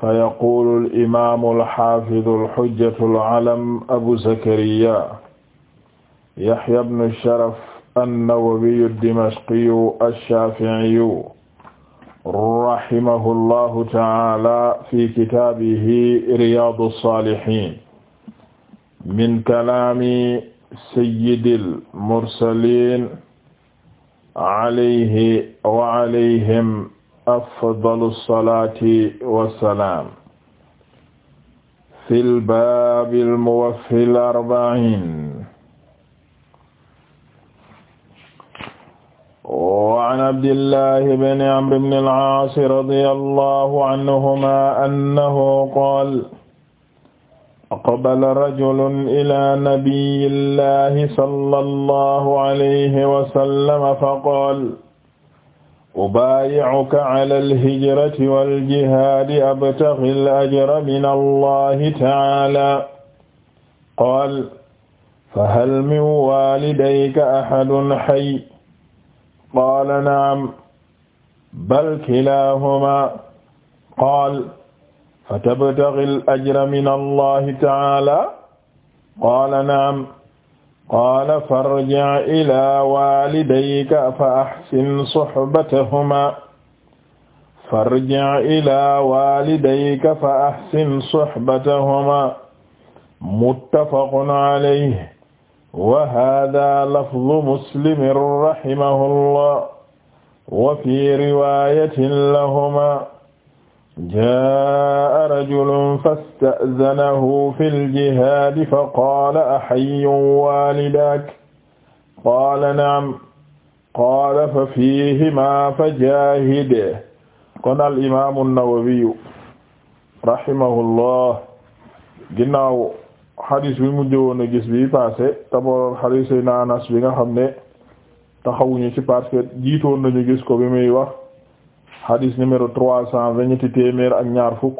فيقول الإمام الحافظ الحجة العلم أبو زكريا يحيى بن الشرف النووي الدمشقي الشافعي رحمه الله تعالى في كتابه رياض الصالحين من كلام سيد المرسلين عليه وعليهم afdalu salaati wa salaam fil baabil muwaffil arba'iin wa an abdillahi bni amri bni al-aas radiyallahu anhumaa annahu qaala aqbala rajulun ilaa nabiyyillahi sallallahu alayhi wa sallam faqaala ubaayi'uka ala alhijrati waljihaadi abtaghi alajra min allahi ta'aala qaala fahal min waalidayka ahadun hayy qaala na'am bal kilaahumaa qaala fatabtaghi alajra min allahi ta'aala qaala na'am qaala farji' ilaa waalidayka fa axsin suxbatahumaa farji' ilaa waalidayka fa axsin suxbatahumaa muttafaqun alayhi wa haadaa lafdu muslimin rahimahullaah wa fii riwaayatin lahumaa jaa rajulun fasta'zanahu fil jihaadi faqaala ahayyun waalidaak qaala na'am qaala fa fiihimaa fajaahid kon al imaamu nawawiyu rahimahullah ginnaaw xadis bi mujj woon a gis bi passé taboor xadis Seydina Anas bi nga xam ne taxawuñu ci parce que jiitoon nañu gis ko bi muy wax. hadis numéro trois cent vingt téeméer ak ñaar fukk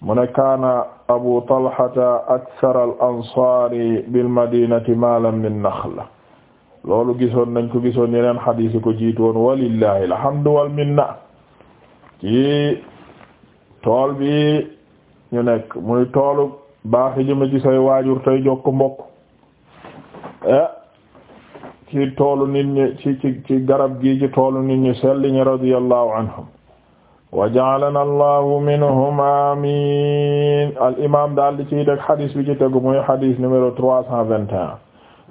mu ne kaana abu talhata akthar al ansaari bil madinati maalan min naxla loolu gisoon nañ ko gisoon yeneen hadis yi ko jiitoon walillahi alhamdu wal minna ci tool bi ñu nekk muy toolu baaxi jëme ci say waajur tey jokk mbokk eh, ci toolu nit ñi ci garab gi ci toolu ni ñi selli ñi radiyallahu anhum wa ja'alana allahu minhum amin al imam daal di ciy teg xadis bi ci tegu muy xadis numéro trois cent vingt et un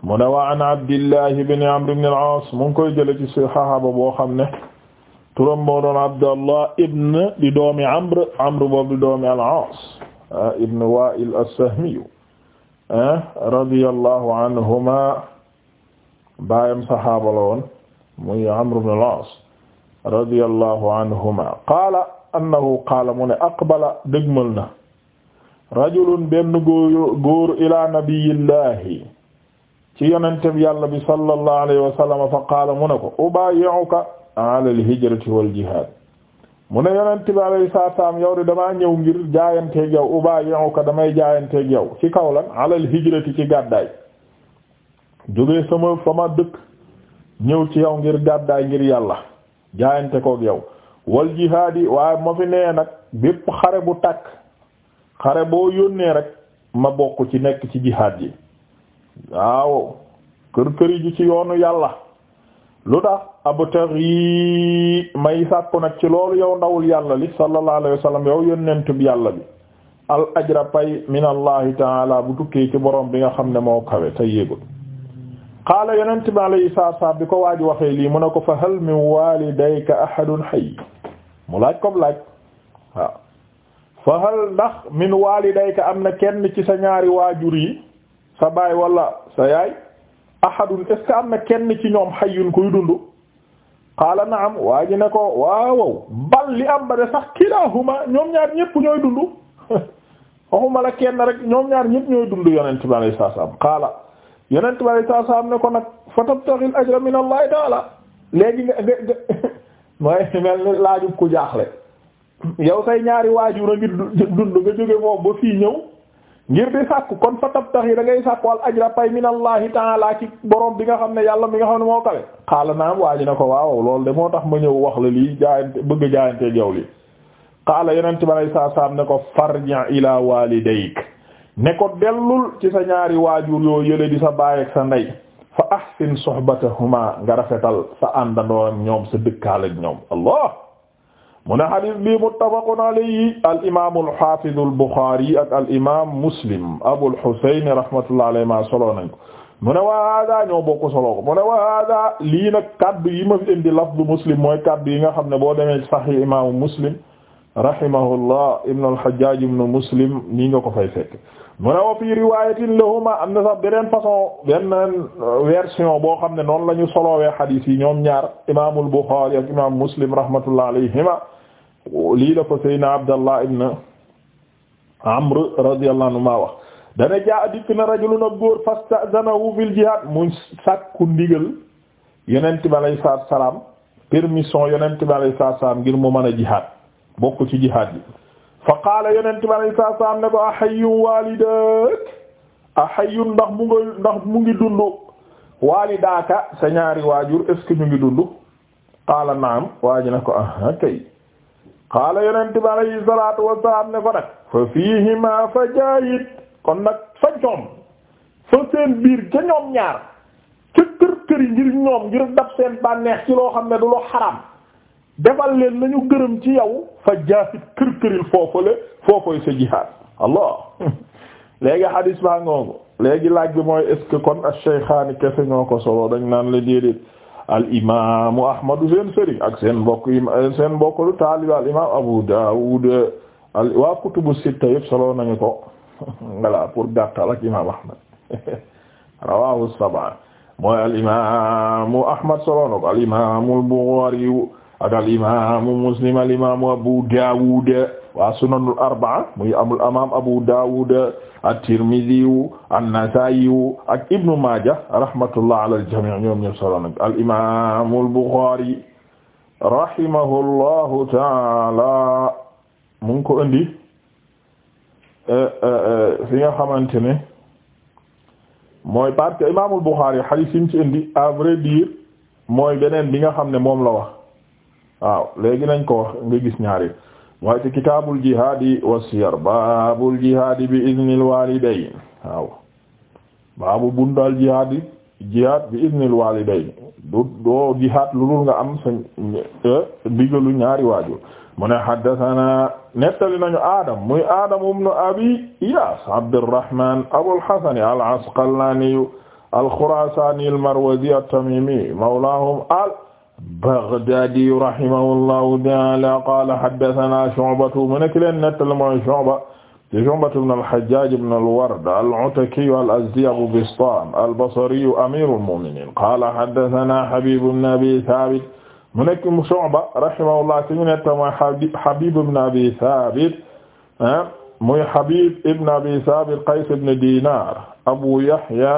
mu ne wa an abdillahi ibn amr ibn al-aas mu ngi koy jële ci saxaaba boo xam ne turam moo doon abdallah ibn di doomi amr amr boobu di al-aas ah, ibn wa'il as-sahmi ah, radiyallahu anhuma baayam saxaaba la woon muy Amr ibn al-As radiyallahu anhuma qaala annahu qaala mu ne aqbala dëgmal na rajulun benn góor góor ila nabiyillahi ci yonenteem yàlla bi sallallahu alayhi wa sallam fa qaala mu ne ko ubayi'uka ala al-hijrati wal jihad mu ne yonente bi alayhi salaam yow de damaa ñëw ngir jaayanteeg yow ubayi'uka damay jaayanteeg yow ci kaw lan ala al-hijrati ci gàddaay jóge sama fama dëkk ñëw ci yow ngir gàddaay ngir yàlla jaayante koog yow wal jihaadi waaye ma fi nee nag bépp xare bu tàkk xare boo yónnee rek ma bokk ci nekk ci jihaad yi waaw kër këri ji ci yoonu yàlla lu tax abtaghi may sàkku nag ci loolu yow ndawul yàlla li sallallahu alayhi wa sallam yow yónnentu bi yàlla bi al ajra pay min allahi taala bu tukkee ci borom bi nga xam ne moo kawe te yéegul qaala yonent bi alayhi salaatu salaam bi ko waaj waxee lii mu ne ko fa hal min walidayka ahadun hayy mu laaj ko laaj waaw fa hal ndax min walidayka am na kenn ci sa ñaari waajur yi sa baay wala sa yaay ahadun est ce am na kenn ci ñoom hayyun kuy dund qaala naam waa ji ne ko waawow bal li am ba de sax kilaahuma ñoom ñaar ñépp ñooy dund waxuma la kenn rek ñoom ñaar ñépp ñooy dund yonent bi alayhi salaatu qaala yonent bi alayhi ne ko nag fa tabtaghil ajra min allahi taala léegi nga nga nga mooy mel ni laajub ku jaaxle yow say ñaari waajur a ngir dund nga jóge moom ba fii ñëw ngir di sàkku kon fa tabtaghil da dangay sàkku al ajra pay min allahi taala ci borom bi nga xam ne yàlla mi nga xam ne moo kawe xaala naam waaji na ko waaw loolu de moo tax ma ñëw wax la lii jaayante bëgg jaayante yow lii xaala yonent bi alayhi salaam ne ko farji ila walidayk ne ko dellul ci sa ñaari waajur yoo yële di sa baay sa ndey fa ahsin sohbatahuma nga rafetal sa àndandoo ak ñoom sa dëkkaal ak ñoom allah mu ne hadis bi muttafaqun alayhi al imam al hafiz al bukhari ak al imam muslim abu al husayn rahmatullahi ma solo nañ ko mu ne wa hada ñoo bokk solo ko mu lii nag kaddu yi ma fi indi lafdu muslim mooy kaddu yi nga xam ne boo demee sahih imam muslim rahimahullah ibn al-Hajjaj ibn Muslim nii nga ko fay fekk mu ne wa fii lahuma am na sax beneen façon beneen version boo xam ne noonu la ñu solowee hadith yi ñoom ñaar imamul Bukhari ak imam Muslim rahmatullah alayhima lii la ko Seydina Abdallah ibn Amr radiyallahu anhu maa wax dana jaa dikk na rajulun ak góor fastazanahu fil jihad mu sàkku ndigal yonent bi alayhi salaam permission yonent alayhi salaam ngir mu mën a jihad bokk ci jihaad yi fa qaala yonent bi ne ko ahayyun waalidaak ahayyun ndax mu ngi ndax mu ngi dund waalidaaka sa ñaari waajur est ce ñu ngi dund qaala naam waa ji ne ko aha kay qaala yonent bi alayhi wassalaam ne ko nag fa fiihimaa kon nag fa ñoom fa seen biir ca ñoom ñaar ca kër yi ngir ñoom ngir dab seen bànneex ci loo xam ne du loo xaraam defal leen lañu gërëm ci yow fa jaahid kër këril foofale foofoy sa jihaad allah léegi hadis baa ngoongu léegi laaj bi mooy est kon ash-shaykhaani kefe ñoo ko solo dañ naan la déedéet al imaamu ahmadu seen sëriñ ak seen mbokk seen mbokkalu taaliba al imaam abu daawud al waa kutubu sitta yëpp solo nañu ko voilà pour gàttal ak imaam ahmad rawaahu sab'a mooy al imaamu ahmad solo na ko al imaamu al buxaari ak al imaamu muslim abu daawud wa sunanul arbaa muy amul amaam abu daawud at-tirmidhi an-nasaa'i ak ibnu maaja rahmatullah al jamii' ñoom solo nag al imaamu al buxaari rahimahullahu taala mu ko indi eh, eh, eh, fi nga xamante ne mooy parce que imaamul buxaari xadiis yi mu ci indi mooy beneen bi nga xam ne moom la waaw léegi nañ ko wax nga gis ñaari waaye ci kitaabul jihaadi wa siyar baabul jihaadi bi iznil waalidayn waaw baabu bundaal jihaad bi iznil waalidayn du jihaad lu dul nga am sa eh, ndigalu ñaari waajur mu ne haddathana nettali nañu Adam muy Adam ibn Abi Iyaas Abdurrahman Abul Hasan al-Asqalani al-Khurasani al-Marwazi at-Tamimi mawlaahum Baghdaadi rahimahullahu ta'aala qaala haddathanaa Shu'batu mu nekk leen nettali mooy Shu'ba di Shu'batu ibn al-Hajjaaj ibn al-Ward al-Ataki al-Azdi Abu Bistam al-Basri amiirul mu'miniin qaala haddathanaa Habiib ibn Abi Thaabit mu nekk Shu'ba rahimahullah ki ñu nettali mooy Habiib ibn Abi Thaabit ah, muy Habiib ibn Abi Thaabit Qays ibn Diinaar Abu Yahya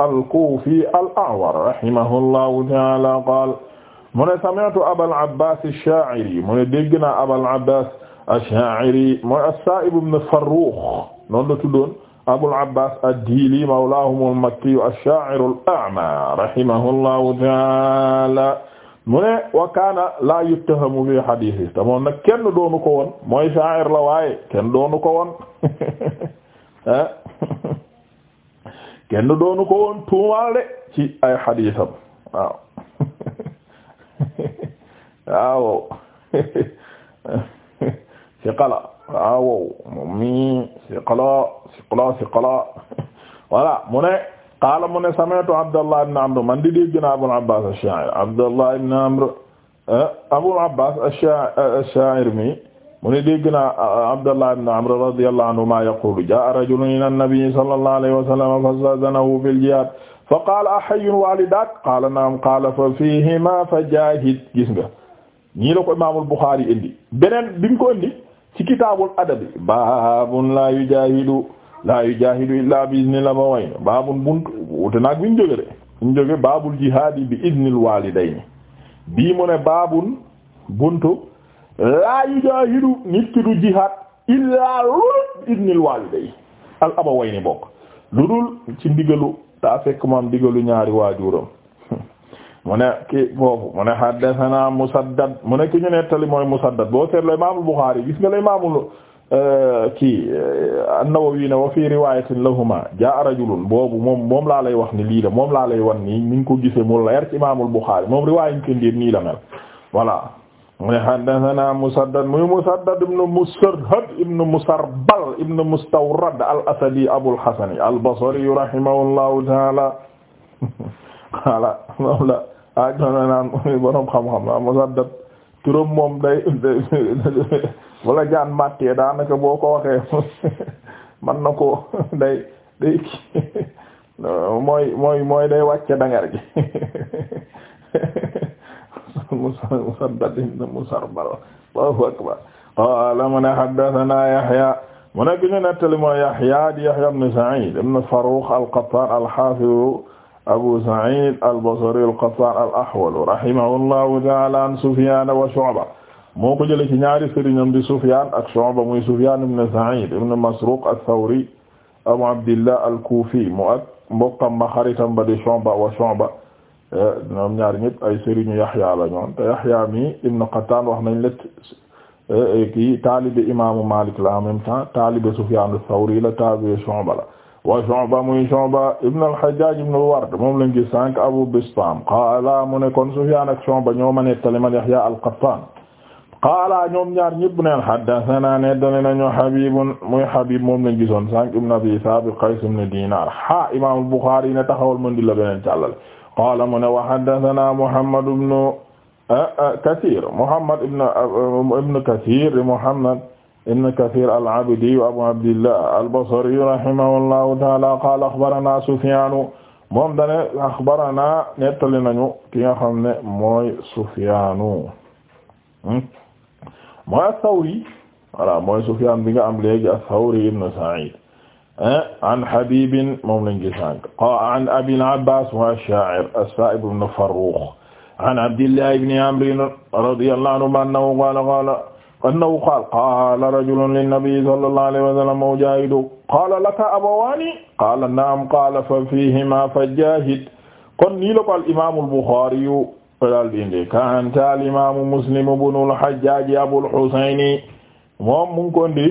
al-Kuufi al-A'war rahimahullahu ta'aala qaala mu ne sami'tu Abal Abbas ash-Sha'iri mu ne dégg naa Abal Abbas ash-Sha'iri mooy as-Sa'ib ibn Farrukh noonu la tuddoon Abul Abbas ad-Dili mawlahum al-Makki ash-Sha'ir al-A'ma rahimahullahu ta'ala mu ne wa kaana laa yuttahamu fi hadiisi te moom nag kenn doonu ko woon mooy sha'ir la waaye kenn doonu ko woon eh? kenn doonu ko woon tuumaale ci ay hadiisam waaw waaw siqala waaw moom mi siqala siqala siqala voilà mu ne qaala mu ne sami'tu Abdallah ibn Amr man di dégg naa Abul Abbas ash-Sha'ir Abdallah ibn Amr Abul Abbas ash-Sha'ir mi mu ne dégg naa Abdallah ibn Amr radiyallahu anhuma yaqulu jaa'a rajulun ila an-nabi sallallahu alayhi wa sallam fasta'dhanahu fil jihad fa qaala ahayyun walidak qaala na'am qaala fa fihima fa jaahid gis nga ñii la ko imaamul Buxaari indi beneen bi mu ko indi ci kitaabul adabi baabun laa yujaahidu laa yujaahidu illaa bi iznil abawayni baabun buntu wute naag bi ñu jóge de bi mu ne baabun buntu laa yujaahidu nit du jihaad illaa lu bi iznil waalidayni al abawayni bokk lu dul ci ndigalu daa fekk moom ndigalu ñaari waajuram mu ne ki foofu mu ne haddathana Musaddad mu ne ki ñu nettali mooy Musaddad boo seetloo Imaamul Buxaari gis nga la Imaamul euh, kii euh, An-Nawawi ne wa fii riwaayatin lahumaa jaa'a rajulun boobu moom moom laa lay wax ni lii la moom laa lay wan nii ni nga ko gise mu leer ci Imaamul Buxaari moom riwaayuñ ko ndiir nii la mel voilà mu ne haddathana Musaddad muy Musaddad ibn Musarhad ibn Musarbal ibn Mustawrad al-Asadi Abul Hasan al-Basri rahimahullahu ta'ala ah ñoo ne naan borom xam-xam naa ah, Musaddad turam moom day wala jaan ye daanaka boo ko waxee man na ko day day mooy mooy day wàcce dangar gi Musaddad ibn Musarbar Allahu akbar qaala mu ne haddathanaa Yahyaa mu ne ki ñu nettali mooy Yahyaa di Yahyaa ibn Sa'iid ibn al-Qattaan al-Haafiz Abu Sa'id al-Basri al-Qattan al-Ahwal rahimahullahu ta'ala an Sufyan wa Shu'ba moo ko jëlee ci ñaari sëriñam di Sufyan ak Shu'ba muy Sufyan ibn Sa'id ibn Masruq ath-Thawri Abu Abdillah al-Kufi mu ak mbokkam ma xaritam ba di Shu'ba wa Shu'ba ñoom ñaar ñëpp ay sëriñu Yahya la ñoon te Yahya mi ibn Qattan wax nañ la kii taalibe imaamu Malik la en même temps taalibe Sufyan ath-Thawri la taalibe Shu'ba la wa Shu'ba muy Shu'ba ibn al-Hajjaj ibn al-Ward moom lañ gis sànq Abu Bistam qaala mu ne kon Sufyan ak Shu'ba ñooma nettali man Yahya al-Qattan qaala ñoom ñaar ñëpp neen haddathana nettali nañu Habib muy Habib moom lañ gisoon sànq ibn Abi Thabit Qays ibn Dinar ha Imam al-Bukhari ne taxawal mën di la beneen càllale qaala mu ne wa haddathana Muhammad ibn eh, eh, Kathir Muhammad ibn eh, Kathir Muhammad ibn kathir al-abdi abu abdillah al-basri rahimahullahu taala qaala axbarana sufyaanu moom dane axbarana nettali nañu ki nga xam ne mooy sufyaanu hmm? mooy ath-thawri voilà mooy sufyaan bi nga am léegi ath-thawri ibn sa'id eh, an habibin moom lañ gi sànq qa an abil abbas wa ash-sha'ir as-sa'ib ibn farrukh an abdillah ibn amr radiyallahu anhu annahu qaala qaala annahu qaala qaala rajulun linnabii sallallahu alayhi wa sallam ujaahidu qaala laka abawaani qaala naam qaala fa fiihimaa fajaahid kon nii la ko al imaamu al-Buxaari yu daal di indi kaanta al imaamu Muslim ibnu al-Hajjaaj Abul Husayni moom mu ngi ko indi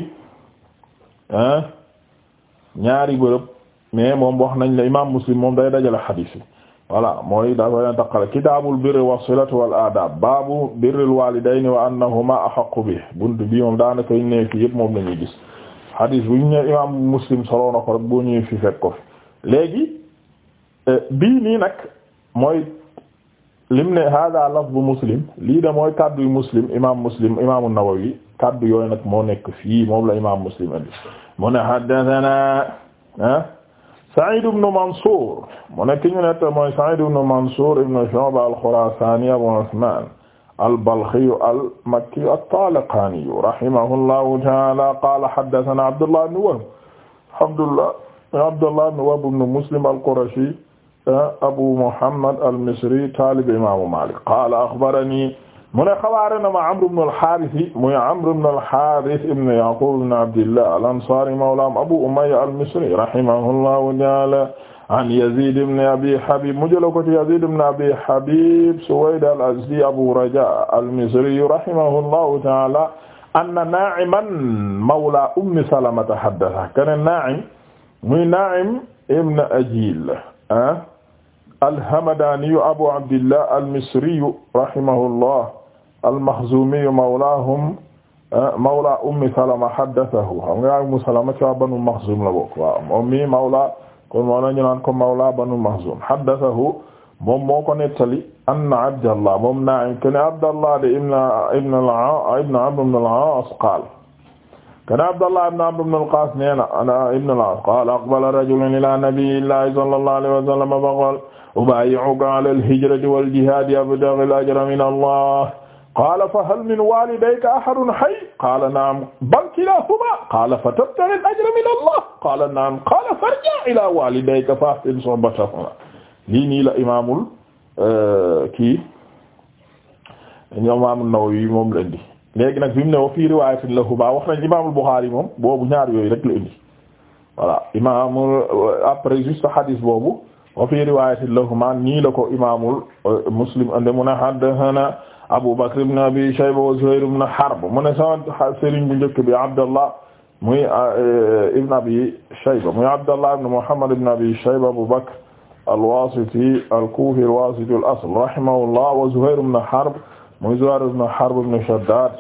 ah, ñaari bërëb mais moom wax nañ la imaam Muslim moom day dajale hadiis yi voilà mooy daa koy taqale kitaabul birri wassilati wal adab baabu birril walidayni wa annahuma ahaqqu bi buntu bii moom daanaka ñu ne yëpp moom la ñuy gis hadis bu ñu ne imam muslim soloo ko rek boo ñëwee fi fekk ko léegi eh, bii nii nag mooy lim ne hada lafzu muslim lii da mooy kaddu yu muslim imam muslim imam an-Nawawi kaddu yooyu nag moo nekk fii moom la imam muslim andi mu ne haddathana ah Sa'id ibn Mansur mu nekk ñu nett mooy Sa'id ibn Mansur ibn Shu'ba al-Khurasani Abu Usman al-Balkhi al-Makki at-Taliqani rahimahullahu ta'ala qala haddathana Abdullah ibn Wahb Abdullah Abdullah ibn Wahb ibn Muslim al-Qurashi eh, Abu Muhammad al-Misri talib imam Malik qala akhbarani mu ne xabaare na ma Amr ibn al-Haaris muy Amr ibn al-Haaris ibn Yaqub ibn Abdillah al-Ansaari mawlaam Abu Umayya al-Misri rahimahullahu ta'aala an Yazid ibn Abi Habib mu jëloon ko ci Yazid ibn Abi Habib Suwayd al-Azdi Abu Raja al-Misri rahimahullahu ta'aala anna Naa'iman mawla Ummi Salamata haddatha kana Naa'im muy Naa'im ibn Ajiil ah, al-Hamdaani Abu Abdillah al-Misri rahimahullah al-Makhzumi mawlaahum ah, mawla ummi Salama haddathahu xam nga ummu Salama ci waa Banu Makhzum la bokk waaw moom mi mawla kon moo la ñu naan ko mawla Banu Makhzum haddathahu moom moo ko nettali anna Abdallah moom Naa'im kaana Abdallah de ibn ibn al-Aas ibn Amr ibn al-Aas qaala kaana Abdallah ibn Amr ibn al-Qaas nee na ana ibn al-Aas qaala aqbala rajulun ilaa nabiyyillahi sallallahu alayhi wa sallam fa qaala ubaayi'uka ala al-hijrati wal jihaadi abtaghi al-ajra min Allah qaala fa hal min walidayka ahadun hayy qaala naam bal kilahuma qaala fa tabtaghi al-ajra min allah qaala naam qaala farji' ila walidayka fa ahsin suhbatahuma lii nii la imaamul euh, kii imaam an-Nawawi moom la indi léegi nag bi mu ne wa fii riwaayatin lahumaa wax nañ imaamul Buxaari moom boobu ñaar yooyu rek la indi voilà imaamul après juste hadis boobu wa fii riwaayatin lahumaa nii la ko imaamul euh, Muslim ande mu ne haddathana Abu Bakr ibn Abi Shayba wa Zuhayr ibn Harb mu ne sama sëriñ bu njëkk bi Abdallah muy e, ibn Abi Shayba muy Abdallah ibn Muhammad ibn Abi Shayba Abu Bakr al-Wasiti al-Kufi al-Wasiti al-asl rahimahullah wa Zuhayr ibn Harb muy Zuhayr ibn Harb ibn Shaddad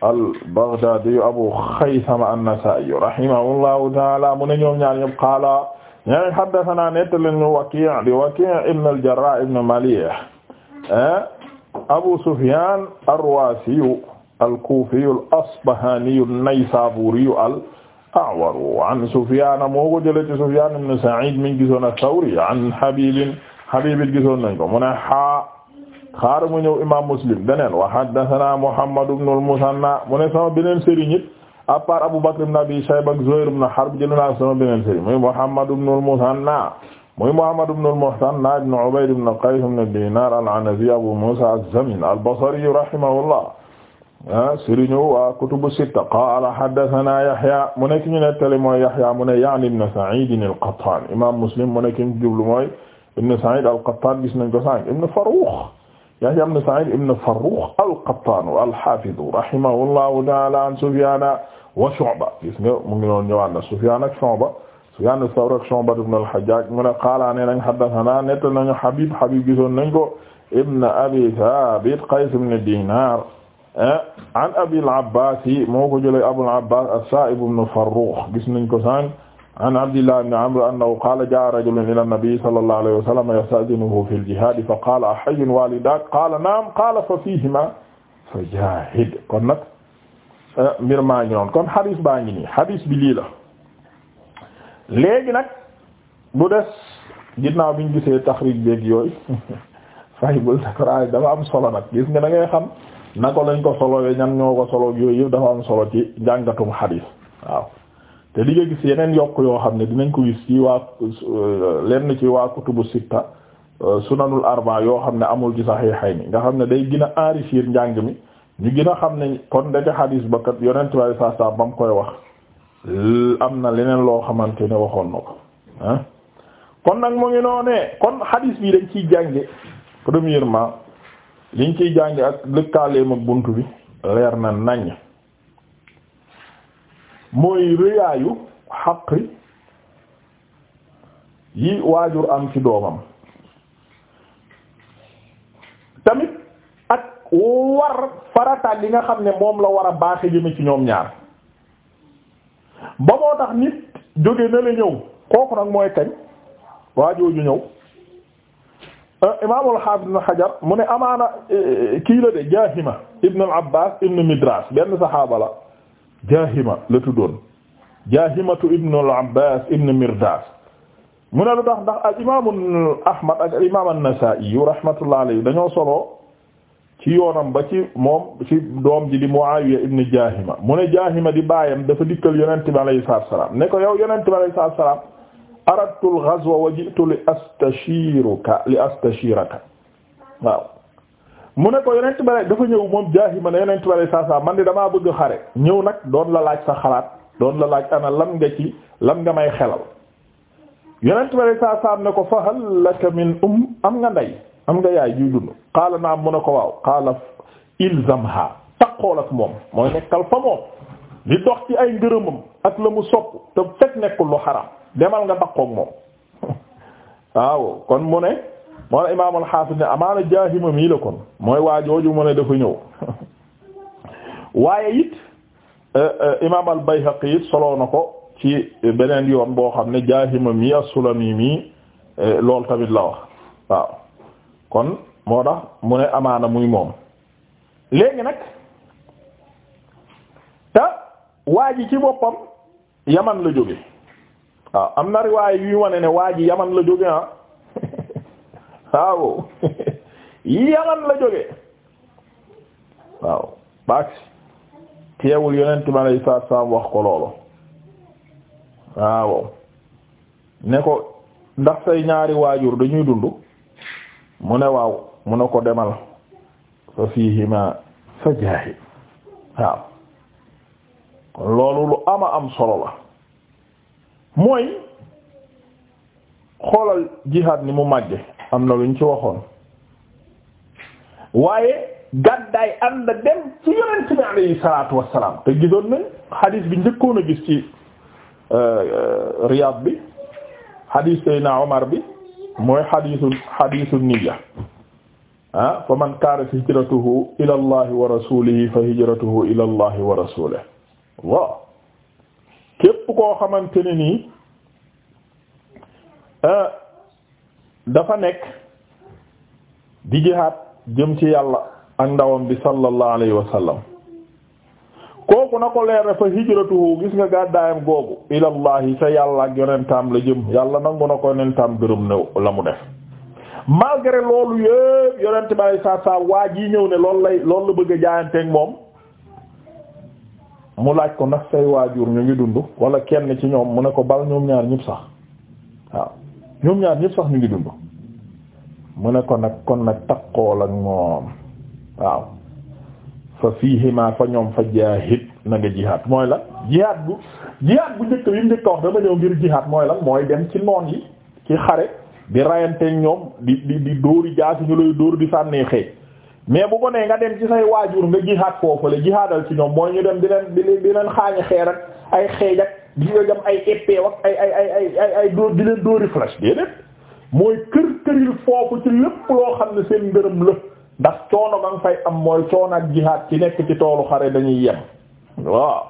al-Baghdadi Abu Khaythama an-Nasa'i rahimahullahu ta'ala mu ne ñoom ñaar ñëpp qaala ñaari haddathana nettali ñu Waki' di Waki' ibn al-Jarrah ibn Malih eh? Abu Sufyan ar-Ruwasiyu al-Kufiyu al-Asbahaniyu an-Naysaburiyu al-A'war an Sufyan moo ko jëlee ci Sufyan ibn Sa'id min gisoon ath-Thawri an Habib Habib gisoon nañ ko mu ne ha xaar mu ñëw Imam Muslim beneen wa haddathana Muhammad ibn al-Muthanna mu ne sama beneen sëriñ it à part Abu Bakr ibn Abi Shayba ak Zuhayr ibn Harb jëlee naa sama beneen sëriñ muy Muhammad ibn al-Muthanna muy Muhammad ibn al-Muhsan na ibn Ubayd ibn Qays ibn Dinar al-Anazi Abu Musa az-Zamin al-Basri rahimahullah sëriñu wa kutubu sitta qaala haddathana Yahya mu nekk ñu nettali mooy Yahya mu ne ya'ni ibn Sa'id al-Qattan imam Muslim mu nekk ñu jublu mooy ibn Sa'id al-Qattan gis nañ ko sànq ibn Farrukh Yahya ibn Sa'id ibn Farrukh al-Qattan al-Hafiz rahimahullahu ta'ala an Sufyan wa Shu'ba gis nga mu ngi noon ñëwaat na Sufyan ak Shu'ba Sufyaan as-Sawri ak Shu'ba ibn al-Hajjaaj mu ne qaala nee nañ haddathanaa nettal nañu Habib Habib gisoon nañ ko ibn Abi Thaabit Qays ibn Diinaar eh, an Abil Abbaas moo ko jëlee Abul Abbaas as-Saa'ib ibn Farrukh gis nañ ko sànq an Abdillah ibn Amr annahu qaala jaa'a rajulun ilaa an-nabiyyi sallallahu alayhi wa sallam yasta'dhinuhu fil jihaad fa qaala ahayyun waalidaak qaala na'am qaala fa fiihimaa fajaahid kon nag eh, mbir maa ngi noonu kon hadis baa ngi nii hadis bi lii la. léegi nag bu des ginnaaw bi ñu gisee taxrij beeg yooyu fayibul takraj dafa am solo nag gis nga da ngay xam naka lañ ko solowee ñan ñoo ko solo yooyu yëpp dafa am solo ci njàngatum xadiis waaw te li nga gis yeneen yokk yoo xam ne dinañ ko gis ci waa euh, lenn ci waa kutubu sitta euh, sunanul arba yoo xam ne amul ci saxiixay ni nga xam ne day gën a enrichir njàng mi ñu gën xam ne kon ndeke xadiis ba kat yonent bi sallallahu alayhi wasallam bam koy wax Euh, am na leneen loo xamante ne waxoon na ko ah. kon nag mu ngi noonee kon hadis bi dañ ciy jànge premièrement liñ ciy jànge ak lëkkaaleem ak bunt bi leer na nañ mooy rëyaayu xaq yi waajur am ci doomam tamit ak war farataal li nga xam ne moom la war a baaxe jëme ci ñoom ñaar ba moo tax nit jóge na la ñëw kooku nag mooy kañ waa jooju ñëw euh, imaamul hafiz ibn hajar mu ne amaana euh, euh, kii la de jahima ibn al abbas ibn midras benn saxaaba la jahima la tuddoon jahimatu ibn al abbas ibn mirdas mu ne lu tax ndax al imaamu ahmad al imaam an-nasa'i rahmatullah alayhi dañoo solo ci yoonam ba ci moom ci doom ji di Muawiya ibn Jahima mu ne Jahima di baayam dafa dikkal yonent bi alayhi salaam ne ko yow yonent bi alayhi salaam aradtu al-ghazwa wa ji'tu li astashiruka li astashiraka waaw mu ne ko yonent bi dafa ñëw moom Jahima ne yonent bi alayhi salaam man de damaa bëgg xare ñëw nag doon la laaj sa xalaat doon la laaj ana lan nga ci lan nga may xelal yonent bi alayhi salaam ne ko fa hal laka min um am nga ndey am nga yaay juy dund xaala naam mun a ko waaw xaala ilzamha taqool ak moom mooy nekkal fa moom di dox ci ay ngërëmam ak la mu sopp te fekk nekkul lu xaram demal nga taqoog moom waaw kon mu ne moo la imaam al-Hafiz ne amaana jaahima mii la kon mooy waa jooju mu ne dafa ñëw waaye it eh, eh, imaam al-Bayhaqi it soloo na ko ci beneen yoon boo xam ne jaahima mii as-Sulami mii eh, loolu tamit la wax waaw kon moo tax mu ne amaana muy moom léegi nag te waa ji ci boppam yaman la jóge waaw am na riwaay yu wane ne waa ji yaman la jóge ah waaw yaman la jóge waaw baax teewul yonent ma saa saa wax ko loolu waaw ne ko ndax say ñaari waajur dañuy dund mu ne waaw mu ne ko demal fa fiihima fa jaahid waaw loolu lu ama am solo la mooy xoolal jihaad ni mu màgge am na luñ ci waxoon waaye gàddaay ànd dem ci yonent bi alayhi salaatu wassalaam te gisoon nañ xadiis bi njëkkoon a gis ci euh, euh, Riyad bi xadiis Seydina Omar bi mooy xadiisu xadiisu niyya ah fa man kaanat hijratuhu ila allahi wa rasulihi fa hijratuhu ila allahi wa rasulihi waaw képp koo xamante ah, dafa nekk di jihaad jëm ci yàlla ak ndawam bi sallallahu alayhi wa sallam kooku na ko leer fa hijratuhu gis nga gàddaayam googu ilallahi sa yàllaa ak yonentam la jëm yàlla nangu na ko yonentam gërëm ne la mu def malgré loolu yëpp yonent bi alay saat salam waa jii ñëw ne loolu lay loolu la bëgg a moom mu laaj ko ndax say waajur ñu ngi dund wala kenn ci ñoom mu ne ko bal ñoom ñaar ñëpp sax waaw ñoom ñaar ñëpp sax ñu ngi dund mu ne ko nag kon nag takkool ak moom waaw fa fiihima fa ñoom fa jaahid na nga jihaad mooy lan jihaad bu jihaad bu njëkk bi mu njëkk wax dama ñëw ngir jihaad mooy lan mooy dem ci noon yi ci xare di rayante ñoom di di di dóori jaasi ñu lay dóor di sànnee xëy mais bu ko nee nga dem ci say waajur nga jihaad foofu la jihaadal ci ñoom mooy ñu dem di leen di leen di leen xaañi xeer ak ay xeej ak di nga jam ay épée ak ay ay ay ay ay di leen dóori flash déedéet mooy kër këril foofu ci lépp loo ndax coono ba fay am mooy coono ak jihaad ci nekk ci toolu xare dañuy yem waaw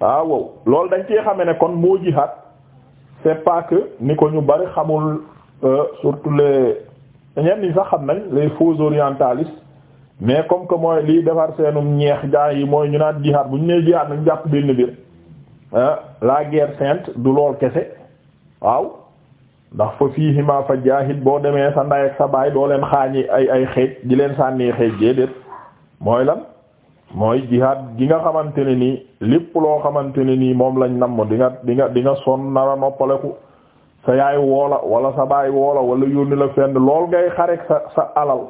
waaw ah, wow loolu dañ ci xame ne kon moo jihaad c'est pas que ni ko ñu bari xamul euh, surtout le ñenn ñi sax xam nañ les faux orientalistes mais comme que mooy lii defar seenum ñeex gaa yi mooy ñu naan jihaad bu ñu nee jihaad nañ jàpp benn biir la guerre sainte du lool kese waaw ndax fa fiihima fa jaahid boo demee sa nday ak sa baay doo leen xaañi ay ay xeej di leen sànni xeej déedéet mooy lan mooy jihaad gi nga xamante ne nii lépp loo xamante ne nii moom lañ namm di nga di nga di nga son nara noppaleku sa yaay woola wala sa baay woola wala yónni la fenn lool ngay xarek sa sa alal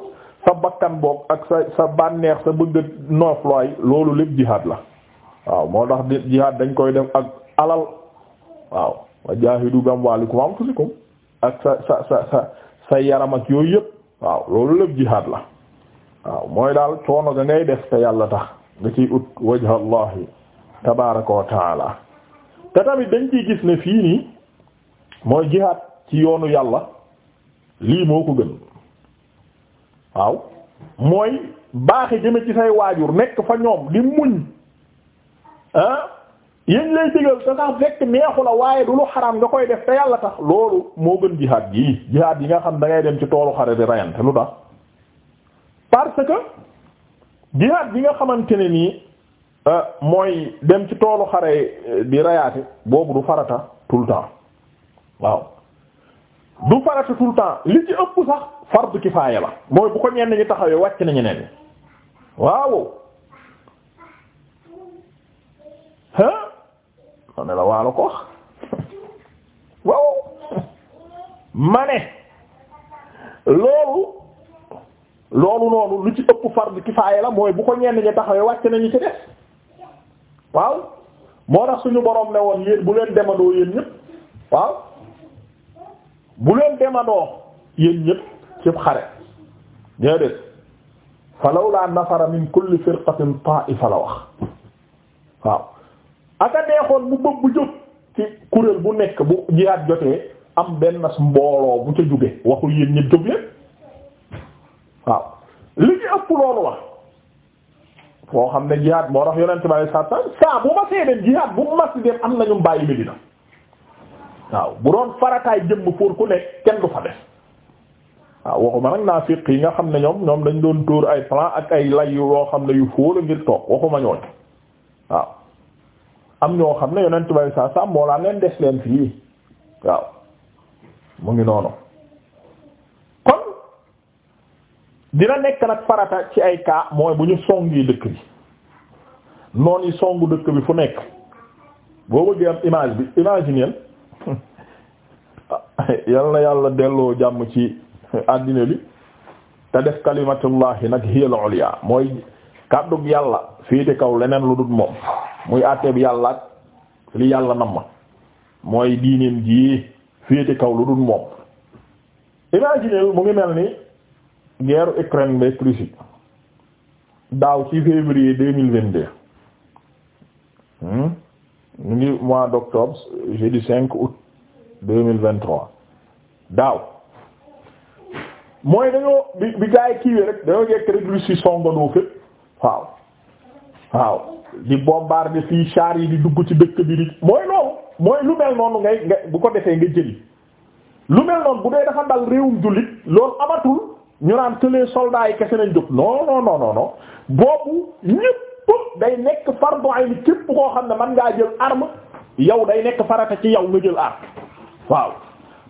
sa bakkan boog ak sa sa bànneex sa bëgg noof loolu lépp jihaad la waaw moo tax jihaad dañ koy def ak alal waaw wa jaahidu bi amwaalikum wa anfusikum ak sa sa sa sa sa yaram ak yooyu yépp waaw loolu lépp jihaad la waaw mooy daal coono ga ngay def te yàlla tax nga ciy ut wajha allahi tabaraka te tamit dañ ciy gis ne fii nii mooy jihaad ci yoonu yàlla lii moo ko gën waaw mooy baaxi jëme ci say waajur nekk fa ñoom di muñ ah, yéen lay digal te sax fekk neexu la waaye du lu xaraam nga koy def te yàlla tax loolu moo gën jihaad yi jihaad yi nga xam dangay dem ci toolu xare di rayante lu tax parce que jihaad bi nga xamante ne nii euh, mooy dem ci toolu xare di rayaate boobu du farata tout le temps waaw du farata tout li ci ëpp sax fardu kifaaya la mooy bu ko ñenn ñi taxawee wàcc nañu ne waaw. ma ne la waalo ko wax waaw ma ne loolu loolu noonu lu ci ëpp fardu kifaaya la mooy bu ko ñenn ñi taxawee wàcc nañu ci def waaw moo tax suñu boroom ne woon yéen bu leen demandoo yéen ñëpp waaw bu leen demandoo yéen ñëpp ci xare déedéet fa lawla nafara min kulli firqatin ta'ifa la wax waaw aka neexoon bu bëgg bu jóg ci kuréel bu nekk bu jihaat jotee am benn mbooloo bu ca jóge waxul yéen ñëpp jóg waaw li ci ëpp loolu wax foo xam ne jihaat moo tax yonent bi saa saa bu ma see jihaat bu mas dem am nañu bàyyi Medina waaw bu doon farataay jëmm pour ku nekk kenn du fa def waaw waxuma nag naafiq yi nga xam ne ñoom ñoom dañ doon tóor ay plan ak ay lay yoo xam ne yu fóola ngir toog waxuma ñooñ waaw am ñoo xam ne yonent bay saa saa moo laa leen des leen fii waaw mu ngi noonu kon dina nekk nag farata ci ay cas mooy bu ñu songi dëkk bi noon yi songu dëkk bi fu nekk boo bëggee am image bi imagine yal na yàlla delloo jàmm ci àddina bi te def kalimatullahi nag hiya al-ulya mooy kàddug yàlla féete kaw leneen lu dul moom muy àtteeb yàlla ak li yàlla nam ma mooy diineem ji féete kaw lu dul moom imagine mu ngi mel ni guerre Ukraine beeg Russie daaw ci février deux mille vingt deux hmm? ngi mois d'octobre jeudi cinq août deux mille vingt trois daaw mooy dañoo bi bi gaa yi rek dañoo jekk rek Russie songandoo fépp waaw waaw di bombarder fii char yi di dugg ci dëkk bi di mooy loolu mooy lu mel noonu ngay nga bu ko defee nga jëli lu mel noonu bu dee dafa dal réewum jullit loolu amatul ñu naan que les kese nañ jóg non non non non non boobu ñépp day nekk fardu ayni képp koo xam ne mën ngaa jël arme yow day nekk farata ci yow nga jël arme waaw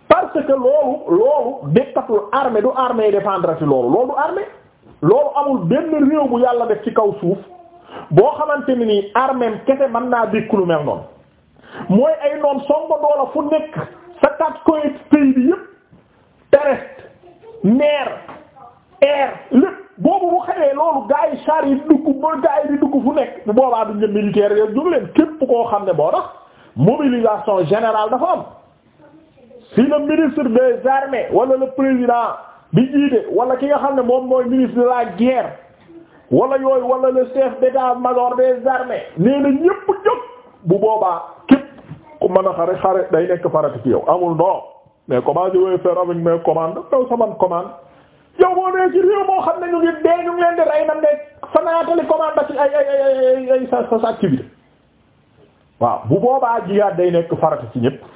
parce que loolu loolu dékkatul armée du armée défendre ci loolu loolu du loolu amul benn réew bu yàlla def ci kaw suuf boo xamante ni nii armeem kese mën naa dékk mel noonu mooy ay noon songo doola fu nekk sa quatre coins pays bi yépp terrestre mer air lépp boobu bu xewee loolu gars yi char yi dugg ba gars fu nekk bu boobaa duñ ne militaire yo jóg leen képp koo xam ne boo tax mobilisation générale dafa am si le ministre des armées wala le président bi jiite wala ki nga xam ne moom mooy ministre de la guerre wala yooyu wala le chef d'état-major des armées nee na ñépp jóg bu boobaa képp man a xare xare day nekk farati ci yow amul non mais comment je vais faire avec mes commandes nee ci réew moo xam ne ñu ngi dee ñu ngi di rey nam ne fanaatali commande ak ay ay ay ay ay sa sa activité waaw bu boobaa jihaad day nekk farati ci ñépp